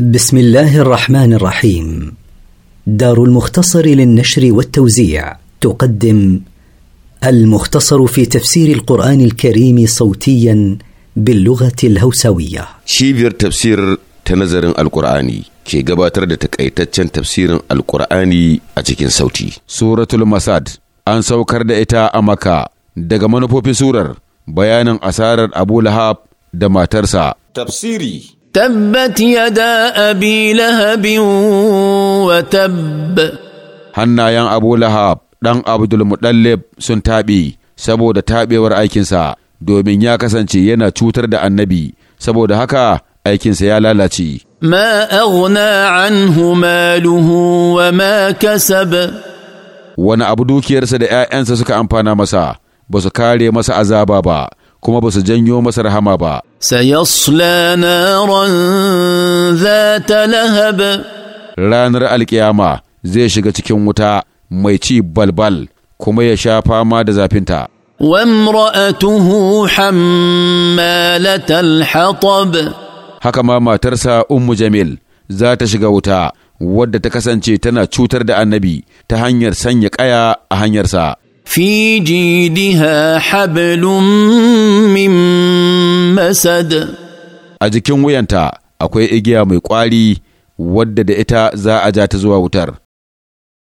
بسم الله الرحمن الرحيم دار المختصر للنشر والتوزيع تقدم المختصر في تفسير القرآن الكريم صوتيا باللغة الهوسوية شيفير تفسير تنظر القرآني كي قباتر تفسير القرآني أجيكين صوتي سورة المساد أن سوكر دائتا أمكا دقمانو بوبي سورر بيان أسارر أبو لهاب دماترسا تفسيري تبت يدا أبي لهب وتب hannayen Abu ɗan Abdul Muttalib sun taɓe saboda taɓewar aikinsa domin ya kasance yana cutar da annabi saboda haka aikinsa ya lalace. Ma aghna anhu maluhu wa Wani abu dukiyarsa da ‘ya'yansa suka amfana masa, ba su kare masa azaba ba. kuma ba su janyo masa rahama ba. Sayasla naran zata lahab. Ranar alkiyama zai shiga cikin wuta mai ci balbal kuma ya sha fama da zafinta. wamra'atuhu حمالة الحطب haka ma matarsa Ummu Jamil za ta shiga wuta wadda ta kasance tana cutar da annabi ta hanyar sanya ƙaya a hanyarsa. في جيدها حبل من a jikin wuyanta akwai igiya mai ƙwari wadda da ita za a ja ta zuwa wutar